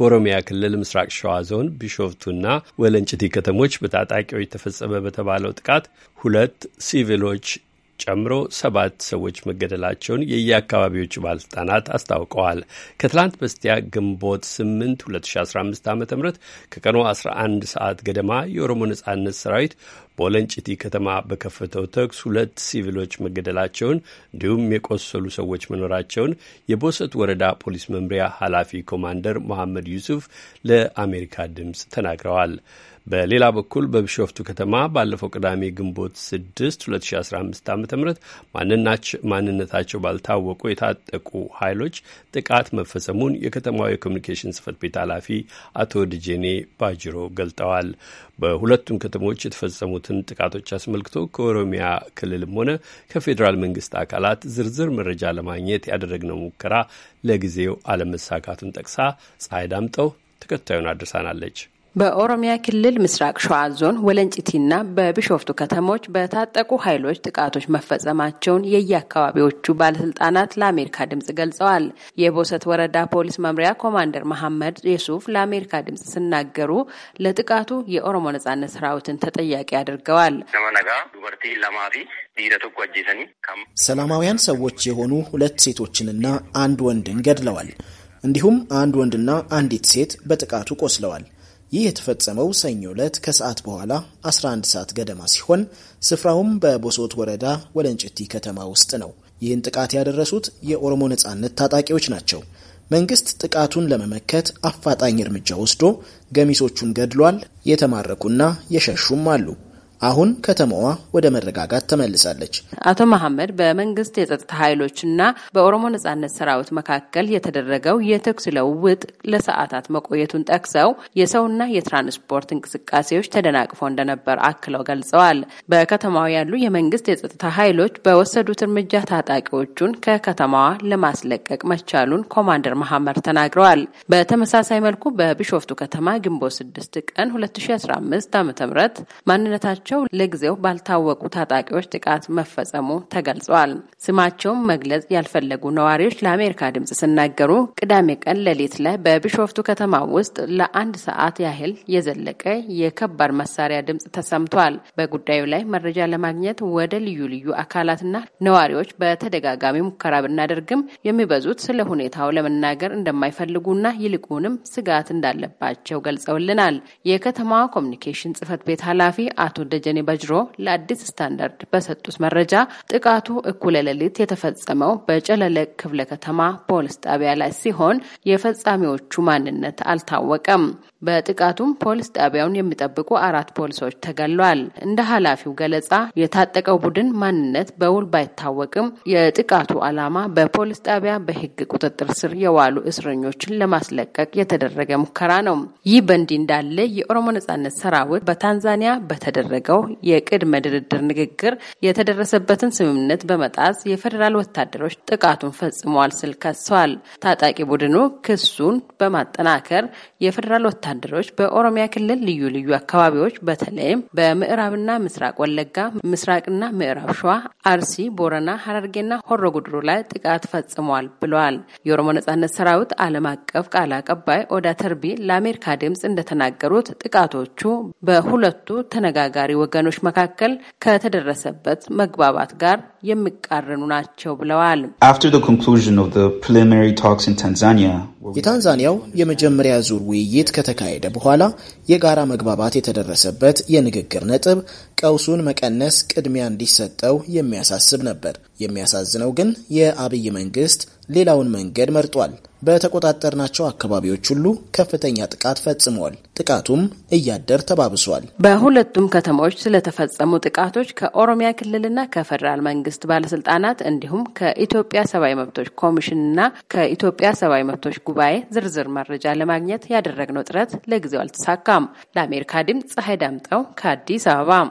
በኦሮሚያ ክልል ምስራቅ ሸዋ ዞን ቢሾፍቱና ወለንጭቲ ከተሞች በታጣቂዎች ተፈጸመ በተባለው ጥቃት ሁለት ሲቪሎች ጨምሮ ሰባት ሰዎች መገደላቸውን የየአካባቢዎቹ ባለስልጣናት አስታውቀዋል። ከትላንት በስቲያ ግንቦት 8 2015 ዓ ም ከቀኑ 11 ሰዓት ገደማ የኦሮሞ ነጻነት ሰራዊት በወለንጭቲ ከተማ በከፈተው ተኩስ ሁለት ሲቪሎች መገደላቸውን እንዲሁም የቆሰሉ ሰዎች መኖራቸውን የቦሰት ወረዳ ፖሊስ መምሪያ ኃላፊ ኮማንደር መሐመድ ዩሱፍ ለአሜሪካ ድምፅ ተናግረዋል። በሌላ በኩል በቢሾፍቱ ከተማ ባለፈው ቅዳሜ ግንቦት 6 2015 ዓ ም ማንነታቸው ባልታወቁ የታጠቁ ኃይሎች ጥቃት መፈጸሙን የከተማው የኮሚኒኬሽን ጽህፈት ቤት ኃላፊ አቶ ድጄኔ ባጅሮ ገልጠዋል። በሁለቱም ከተሞች የተፈጸሙት የተፈጸሙትን ጥቃቶች አስመልክቶ ከኦሮሚያ ክልልም ሆነ ከፌዴራል መንግስት አካላት ዝርዝር መረጃ ለማግኘት ያደረግነው ሙከራ ለጊዜው አለመሳካቱን ጠቅሳ ፀሐይ ዳምጠው ተከታዩን አድርሳናለች። በኦሮሚያ ክልል ምስራቅ ሸዋ ዞን ወለንጭቲና በቢሾፍቱ ከተሞች በታጠቁ ኃይሎች ጥቃቶች መፈጸማቸውን የየአካባቢዎቹ ባለስልጣናት ለአሜሪካ ድምጽ ገልጸዋል። የቦሰት ወረዳ ፖሊስ መምሪያ ኮማንደር መሐመድ የሱፍ ለአሜሪካ ድምጽ ሲናገሩ ለጥቃቱ የኦሮሞ ነጻነት ሰራዊትን ተጠያቂ አድርገዋል። ሰላማውያን ሰዎች የሆኑ ሁለት ሴቶችንና አንድ ወንድን ገድለዋል። እንዲሁም አንድ ወንድና አንዲት ሴት በጥቃቱ ቆስለዋል። ይህ የተፈጸመው ሰኞ ዕለት ከሰዓት በኋላ 11 ሰዓት ገደማ ሲሆን ስፍራውም በቦሶት ወረዳ ወለንጭቲ ከተማ ውስጥ ነው። ይህን ጥቃት ያደረሱት የኦሮሞ ነጻነት ታጣቂዎች ናቸው። መንግስት ጥቃቱን ለመመከት አፋጣኝ እርምጃ ወስዶ ገሚሶቹን ገድሏል። የተማረኩና የሸሹም አሉ። አሁን ከተማዋ ወደ መረጋጋት ተመልሳለች። አቶ መሐመድ በመንግስት የጸጥታ ኃይሎችና በኦሮሞ ነጻነት ሰራዊት መካከል የተደረገው የተኩስ ለውውጥ ለሰዓታት መቆየቱን ጠቅሰው የሰውና የትራንስፖርት እንቅስቃሴዎች ተደናቅፈው እንደነበር አክለው ገልጸዋል። በከተማው ያሉ የመንግስት የጸጥታ ኃይሎች በወሰዱት እርምጃ ታጣቂዎቹን ከከተማዋ ለማስለቀቅ መቻሉን ኮማንደር መሐመድ ተናግረዋል። በተመሳሳይ መልኩ በቢሾፍቱ ከተማ ግንቦት 6 ቀን 2015 ዓ ም ማንነታቸው በመሆናቸው ለጊዜው ባልታወቁ ታጣቂዎች ጥቃት መፈጸሙ ተገልጿል። ስማቸውን መግለጽ ያልፈለጉ ነዋሪዎች ለአሜሪካ ድምጽ ሲናገሩ ቅዳሜ ቀን ሌሊት ላይ በቢሾፍቱ ከተማ ውስጥ ለአንድ ሰዓት ያህል የዘለቀ የከባድ መሳሪያ ድምጽ ተሰምቷል። በጉዳዩ ላይ መረጃ ለማግኘት ወደ ልዩ ልዩ አካላትና ነዋሪዎች በተደጋጋሚ ሙከራ ብናደርግም የሚበዙት ስለ ሁኔታው ለመናገር እንደማይፈልጉና ይልቁንም ስጋት እንዳለባቸው ገልጸውልናል። የከተማዋ ኮሚኒኬሽን ጽህፈት ቤት ኃላፊ አቶ ደ ደጀኔ በጅሮ ለአዲስ ስታንዳርድ በሰጡት መረጃ ጥቃቱ እኩለ ሌሊት የተፈጸመው በጨለለ ክፍለ ከተማ ፖሊስ ጣቢያ ላይ ሲሆን የፈጻሚዎቹ ማንነት አልታወቀም። በጥቃቱም ፖሊስ ጣቢያውን የሚጠብቁ አራት ፖሊሶች ተገሏል። እንደ ኃላፊው ገለጻ የታጠቀው ቡድን ማንነት በውል ባይታወቅም የጥቃቱ ዓላማ በፖሊስ ጣቢያ በሕግ ቁጥጥር ስር የዋሉ እስረኞችን ለማስለቀቅ የተደረገ ሙከራ ነው። ይህ በእንዲህ እንዳለ የኦሮሞ ነጻነት ሰራዊት በታንዛኒያ በተደረገ የተደረገው የቅድመ ድርድር ንግግር የተደረሰበትን ስምምነት በመጣስ የፌዴራል ወታደሮች ጥቃቱን ፈጽመዋል ስል ከሰዋል። ታጣቂ ቡድኑ ክሱን በማጠናከር የፌዴራል ወታደሮች በኦሮሚያ ክልል ልዩ ልዩ አካባቢዎች በተለይም በምዕራብና ምስራቅ ወለጋ፣ ምስራቅና ምዕራብ ሸዋ፣ አርሲ፣ ቦረና፣ ሀረርጌና ሆሮ ጉድሩ ላይ ጥቃት ፈጽሟል ብለዋል። የኦሮሞ ነጻነት ሰራዊት ዓለም አቀፍ ቃል አቀባይ ኦዳ ተርቢ ለአሜሪካ ድምጽ እንደተናገሩት ጥቃቶቹ በሁለቱ ተነጋጋሪ ወገኖች መካከል ከተደረሰበት መግባባት ጋር የሚቃረኑ ናቸው ብለዋል። የታንዛኒያ በመጀመሪያው የመጀመሪያ ዙር ውይይት ከተካሄደ በኋላ የጋራ መግባባት የተደረሰበት የንግግር ነጥብ ቀውሱን መቀነስ ቅድሚያ እንዲሰጠው የሚያሳስብ ነበር። የሚያሳዝነው ግን የአብይ መንግስት ሌላውን መንገድ መርጧል። በተቆጣጠርናቸው አካባቢዎች ሁሉ ከፍተኛ ጥቃት ፈጽመዋል። ጥቃቱም እያደር ተባብሷል። በሁለቱም ከተሞች ስለተፈጸሙ ጥቃቶች ከኦሮሚያ ክልልና ከፌዴራል መንግስት ባለስልጣናት እንዲሁም ከኢትዮጵያ ሰብአዊ መብቶች ኮሚሽንና ከኢትዮጵያ ሰብአዊ መብቶች ጉባኤ ዝርዝር መረጃ ለማግኘት ያደረግነው ጥረት ለጊዜው አልተሳካም። ለአሜሪካ ድምፅ ፀሐይ ዳምጠው ከአዲስ አበባ